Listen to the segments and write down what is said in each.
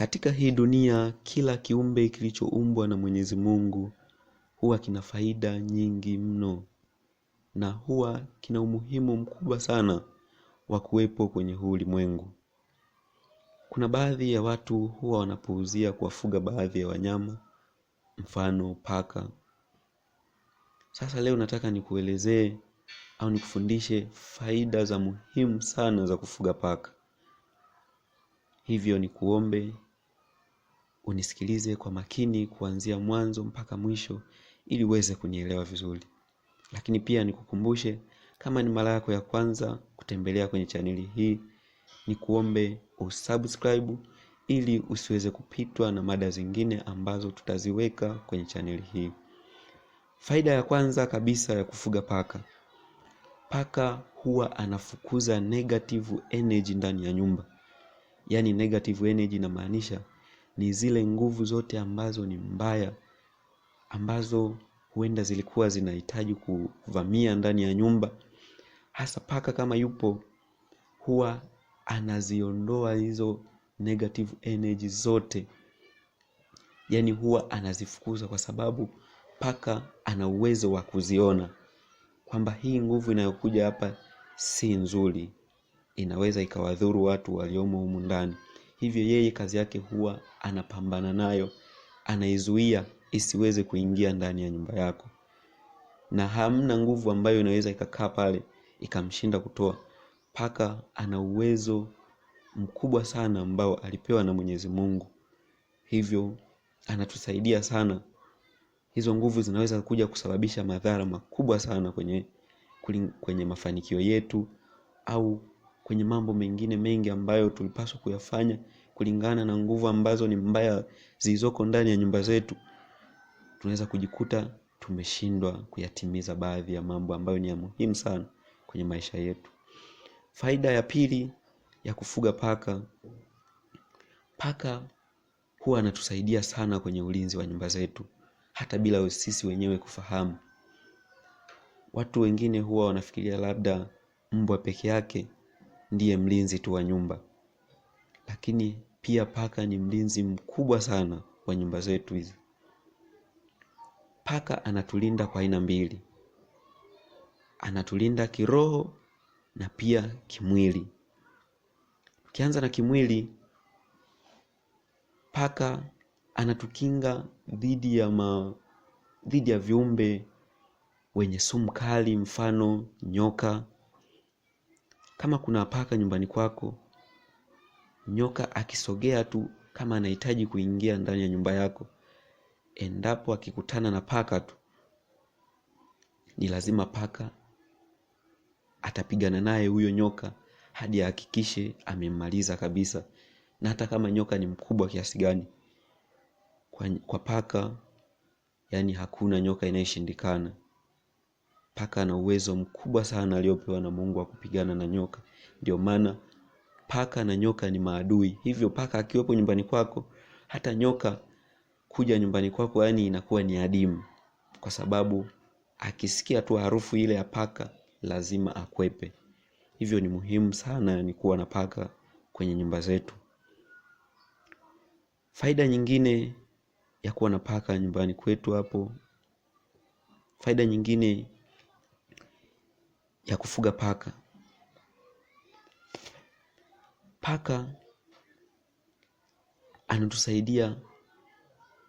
Katika hii dunia kila kiumbe kilichoumbwa na Mwenyezi Mungu huwa kina faida nyingi mno na huwa kina umuhimu mkubwa sana wa kuwepo kwenye huu ulimwengu. Kuna baadhi ya watu huwa wanapuuzia kuwafuga baadhi ya wanyama mfano paka. Sasa leo nataka nikuelezee au nikufundishe faida za muhimu sana za kufuga paka. Hivyo ni kuombe unisikilize kwa makini kuanzia mwanzo mpaka mwisho ili uweze kunielewa vizuri. Lakini pia nikukumbushe kama ni mara yako ya kwanza kutembelea kwenye chaneli hii, ni kuombe usubscribe ili usiweze kupitwa na mada zingine ambazo tutaziweka kwenye chaneli hii. Faida ya kwanza kabisa ya kufuga paka. Paka huwa anafukuza negative energy ndani ya nyumba. Yaani negative energy inamaanisha ni zile nguvu zote ambazo ni mbaya ambazo huenda zilikuwa zinahitaji kuvamia ndani ya nyumba hasa paka kama yupo huwa anaziondoa hizo negative energy zote yani huwa anazifukuza kwa sababu paka ana uwezo wa kuziona kwamba hii nguvu inayokuja hapa si nzuri inaweza ikawadhuru watu waliomo humu ndani hivyo yeye kazi yake huwa anapambana nayo anaizuia isiweze kuingia ndani ya nyumba yako na hamna nguvu ambayo inaweza ikakaa pale ikamshinda kutoa paka ana uwezo mkubwa sana ambao alipewa na mwenyezi mungu hivyo anatusaidia sana hizo nguvu zinaweza kuja kusababisha madhara makubwa sana kwenye kwenye mafanikio yetu au kwenye mambo mengine mengi ambayo tulipaswa kuyafanya kulingana na nguvu ambazo ni mbaya zilizoko ndani ya nyumba zetu tunaweza kujikuta tumeshindwa kuyatimiza baadhi ya mambo ambayo ni ya muhimu sana kwenye maisha yetu faida ya pili ya kufuga paka paka huwa anatusaidia sana kwenye ulinzi wa nyumba zetu hata bila sisi wenyewe kufahamu watu wengine huwa wanafikiria labda mbwa peke yake ndiye mlinzi tu wa nyumba lakini pia paka ni mlinzi mkubwa sana wa nyumba zetu hizi paka anatulinda kwa aina mbili anatulinda kiroho na pia kimwili tukianza na kimwili paka anatukinga dhidi ya ma dhidi ya viumbe wenye sumu kali mfano nyoka kama kuna paka nyumbani kwako, nyoka akisogea tu kama anahitaji kuingia ndani ya nyumba yako, endapo akikutana na paka tu, ni lazima paka atapigana naye huyo nyoka hadi ahakikishe amemmaliza kabisa, na hata kama nyoka ni mkubwa kiasi gani. Kwa, kwa paka yani hakuna nyoka inayeshindikana. Paka ana uwezo mkubwa sana aliopewa na Mungu wa kupigana na nyoka. Ndio maana paka na nyoka ni maadui. Hivyo paka akiwepo nyumbani kwako, hata nyoka kuja nyumbani kwako yani inakuwa ni adimu. Kwa sababu akisikia tu harufu ile ya paka lazima akwepe. Hivyo ni muhimu sana ni kuwa na paka kwenye nyumba zetu. Faida nyingine ya kuwa na paka nyumbani kwetu hapo. Faida nyingine ya kufuga paka. Paka anatusaidia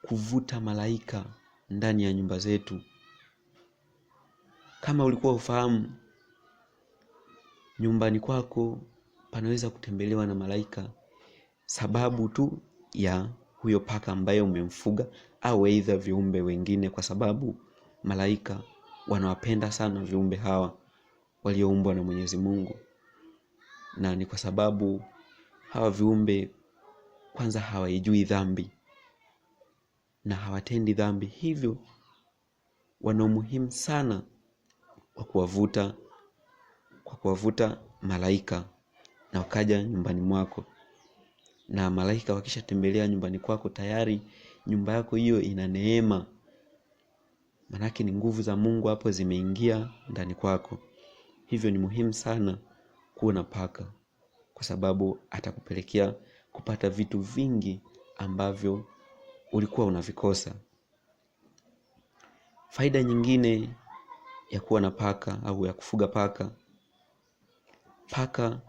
kuvuta malaika ndani ya nyumba zetu. Kama ulikuwa ufahamu, nyumbani kwako panaweza kutembelewa na malaika sababu tu ya huyo paka ambaye umemfuga au aidha viumbe wengine, kwa sababu malaika wanawapenda sana viumbe hawa walioumbwa na Mwenyezi Mungu, na ni kwa sababu hawa viumbe kwanza hawaijui dhambi na hawatendi dhambi, hivyo wana umuhimu sana wa kuwavuta kwa kuwavuta malaika na wakaja nyumbani mwako, na malaika wakishatembelea nyumbani kwako tayari nyumba yako hiyo ina neema, manake ni nguvu za Mungu hapo zimeingia ndani kwako. Hivyo ni muhimu sana kuwa na paka kwa sababu atakupelekea kupata vitu vingi ambavyo ulikuwa unavikosa. Faida nyingine ya kuwa na paka au ya kufuga paka, paka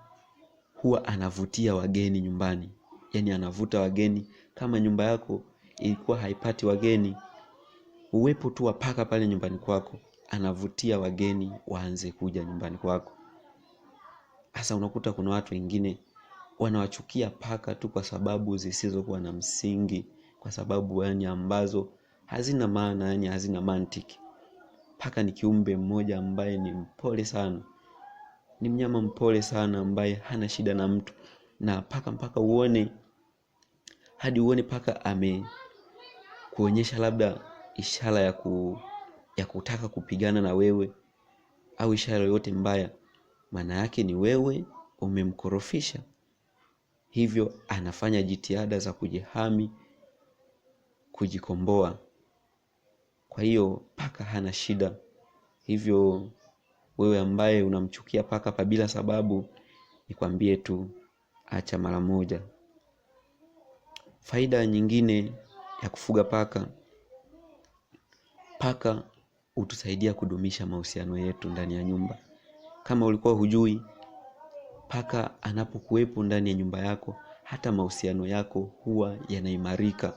huwa anavutia wageni nyumbani. Yaani anavuta wageni kama nyumba yako ilikuwa haipati wageni uwepo tu wa paka pale nyumbani kwako anavutia wageni waanze kuja nyumbani kwako. Hasa unakuta kuna watu wengine wanawachukia paka tu kwa sababu zisizokuwa na msingi, kwa sababu yani ambazo hazina maana, yani hazina mantiki. Paka ni kiumbe mmoja ambaye ni mpole sana, ni mnyama mpole sana ambaye hana shida na mtu, na paka mpaka uone hadi uone paka amekuonyesha labda ishara ya ku ya kutaka kupigana na wewe au ishara yoyote mbaya, maana yake ni wewe umemkorofisha. Hivyo anafanya jitihada za kujihami, kujikomboa. Kwa hiyo paka hana shida. Hivyo wewe ambaye unamchukia paka pabila sababu, nikwambie tu acha mara moja. Faida nyingine ya kufuga paka, paka hutusaidia kudumisha mahusiano yetu ndani ya nyumba. Kama ulikuwa hujui, paka anapokuwepo ndani ya nyumba yako, hata mahusiano yako huwa yanaimarika.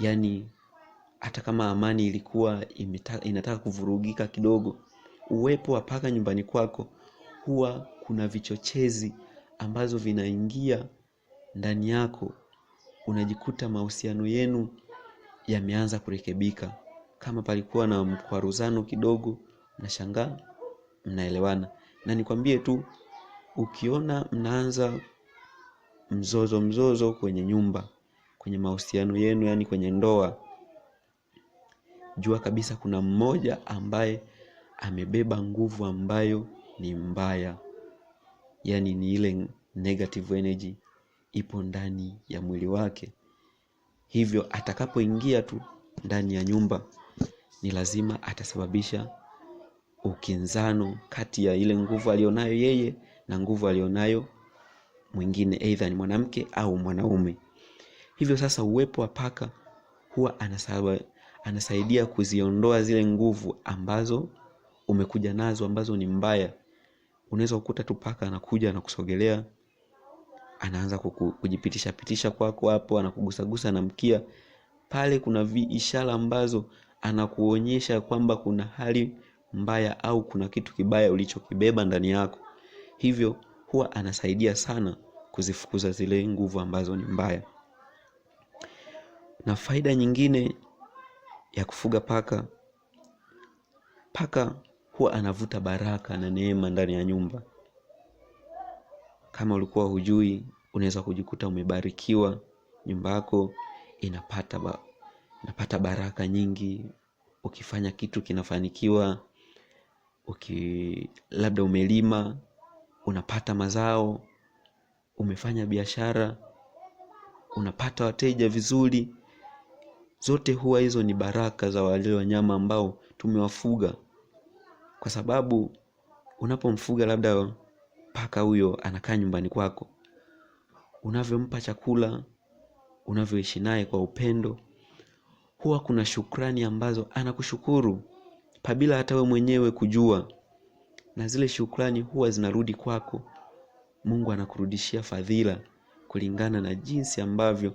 Yaani hata kama amani ilikuwa imita, inataka kuvurugika kidogo, uwepo wa paka nyumbani kwako huwa kuna vichochezi ambazo vinaingia ndani yako, unajikuta mahusiano yenu yameanza kurekebika kama palikuwa na mkwaruzano kidogo nashangaa mnaelewana na nikwambie tu ukiona mnaanza mzozo mzozo kwenye nyumba kwenye mahusiano yenu yani kwenye ndoa jua kabisa kuna mmoja ambaye amebeba nguvu ambayo ni mbaya yani ni ile negative energy ipo ndani ya mwili wake hivyo atakapoingia tu ndani ya nyumba ni lazima atasababisha ukinzano kati ya ile nguvu aliyonayo yeye na nguvu aliyonayo mwingine, aidha ni mwanamke au mwanaume. Hivyo sasa, uwepo wa paka huwa anasawa, anasaidia kuziondoa zile nguvu ambazo umekuja nazo ambazo ni mbaya. Unaweza kukuta tu paka anakuja anakusogelea, anaanza kujipitisha pitisha kwako hapo, anakugusagusa na mkia pale. Kuna ishara ambazo anakuonyesha kwamba kuna hali mbaya au kuna kitu kibaya ulichokibeba ndani yako hivyo huwa anasaidia sana kuzifukuza zile nguvu ambazo ni mbaya na faida nyingine ya kufuga paka paka huwa anavuta baraka na neema ndani ya nyumba kama ulikuwa hujui unaweza kujikuta umebarikiwa nyumba yako inapata ba napata baraka nyingi ukifanya kitu kinafanikiwa uki labda umelima unapata mazao umefanya biashara unapata wateja vizuri zote huwa hizo ni baraka za wale wanyama ambao tumewafuga kwa sababu unapomfuga labda paka huyo anakaa nyumbani kwako unavyompa chakula unavyoishi naye kwa upendo huwa kuna shukrani ambazo anakushukuru pabila hata we mwenyewe kujua, na zile shukrani huwa zinarudi kwako. Mungu anakurudishia fadhila kulingana na jinsi ambavyo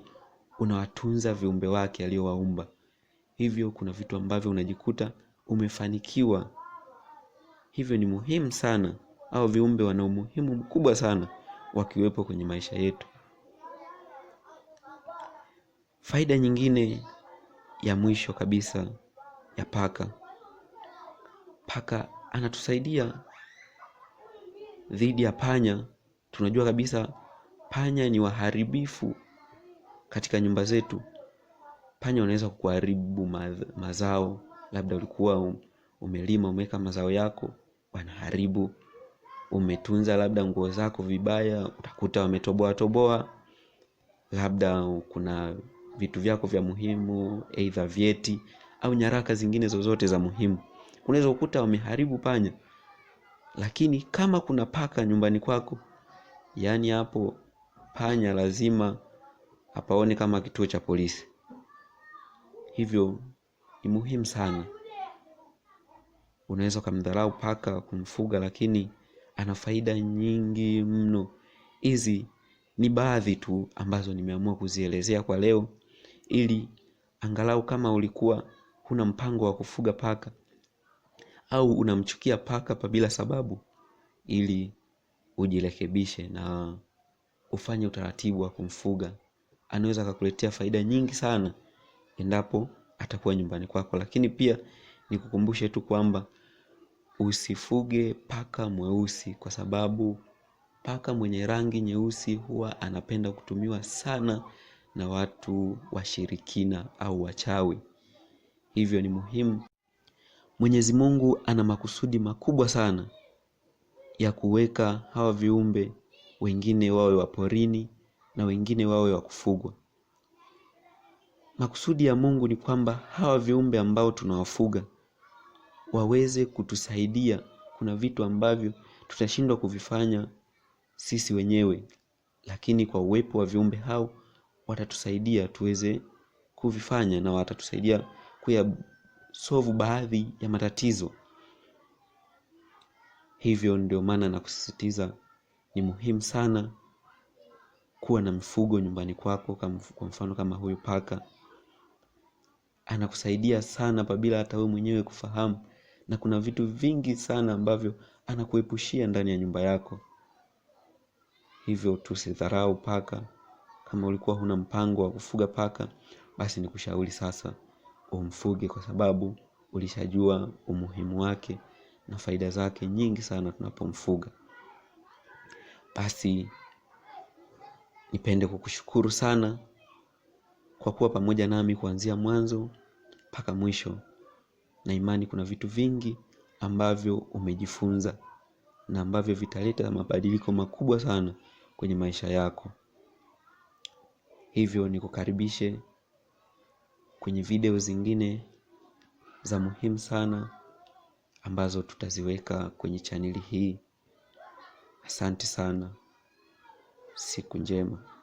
unawatunza viumbe wake aliyowaumba. Hivyo kuna vitu ambavyo unajikuta umefanikiwa. Hivyo ni muhimu sana, au viumbe wana umuhimu mkubwa sana wakiwepo kwenye maisha yetu. Faida nyingine ya mwisho kabisa ya paka. Paka anatusaidia dhidi ya panya. Tunajua kabisa panya ni waharibifu katika nyumba zetu. Panya wanaweza kuharibu mazao, labda ulikuwa um, umelima umeweka mazao yako, wanaharibu. Umetunza labda nguo zako vibaya, utakuta wametoboa toboa, labda kuna vitu vyako vya muhimu aidha vyeti au nyaraka zingine zozote za muhimu unaweza ukuta wameharibu panya lakini kama kuna paka nyumbani kwako yaani hapo panya lazima apaone kama kituo cha polisi hivyo ni muhimu sana unaweza ukamdharau paka kumfuga lakini ana faida nyingi mno hizi ni baadhi tu ambazo nimeamua kuzielezea kwa leo ili angalau kama ulikuwa huna mpango wa kufuga paka au unamchukia paka bila sababu ili ujirekebishe na ufanye utaratibu wa kumfuga anaweza akakuletea faida nyingi sana endapo atakuwa nyumbani kwako lakini pia nikukumbushe tu kwamba usifuge paka mweusi kwa sababu paka mwenye rangi nyeusi huwa anapenda kutumiwa sana na watu washirikina au wachawi. Hivyo ni muhimu. Mwenyezi Mungu ana makusudi makubwa sana ya kuweka hawa viumbe wengine wawe wa porini na wengine wawe wa kufugwa. Makusudi ya Mungu ni kwamba hawa viumbe ambao tunawafuga waweze kutusaidia. Kuna vitu ambavyo tutashindwa kuvifanya sisi wenyewe, lakini kwa uwepo wa viumbe hao watatusaidia tuweze kuvifanya na watatusaidia kuyasovu baadhi ya matatizo hivyo ndio maana nakusisitiza ni muhimu sana kuwa na mifugo nyumbani kwako kwa mfano kama huyu paka anakusaidia sana pabila hata wewe mwenyewe kufahamu na kuna vitu vingi sana ambavyo anakuepushia ndani ya nyumba yako hivyo tusidharau paka kama ulikuwa huna mpango wa kufuga paka basi nikushauri sasa umfuge kwa sababu ulishajua umuhimu wake na faida zake nyingi sana tunapomfuga basi nipende kukushukuru sana kwa kuwa pamoja nami kuanzia mwanzo mpaka mwisho na imani kuna vitu vingi ambavyo umejifunza na ambavyo vitaleta mabadiliko makubwa sana kwenye maisha yako Hivyo nikukaribishe kwenye video zingine za muhimu sana ambazo tutaziweka kwenye chaneli hii. Asante sana. Siku njema.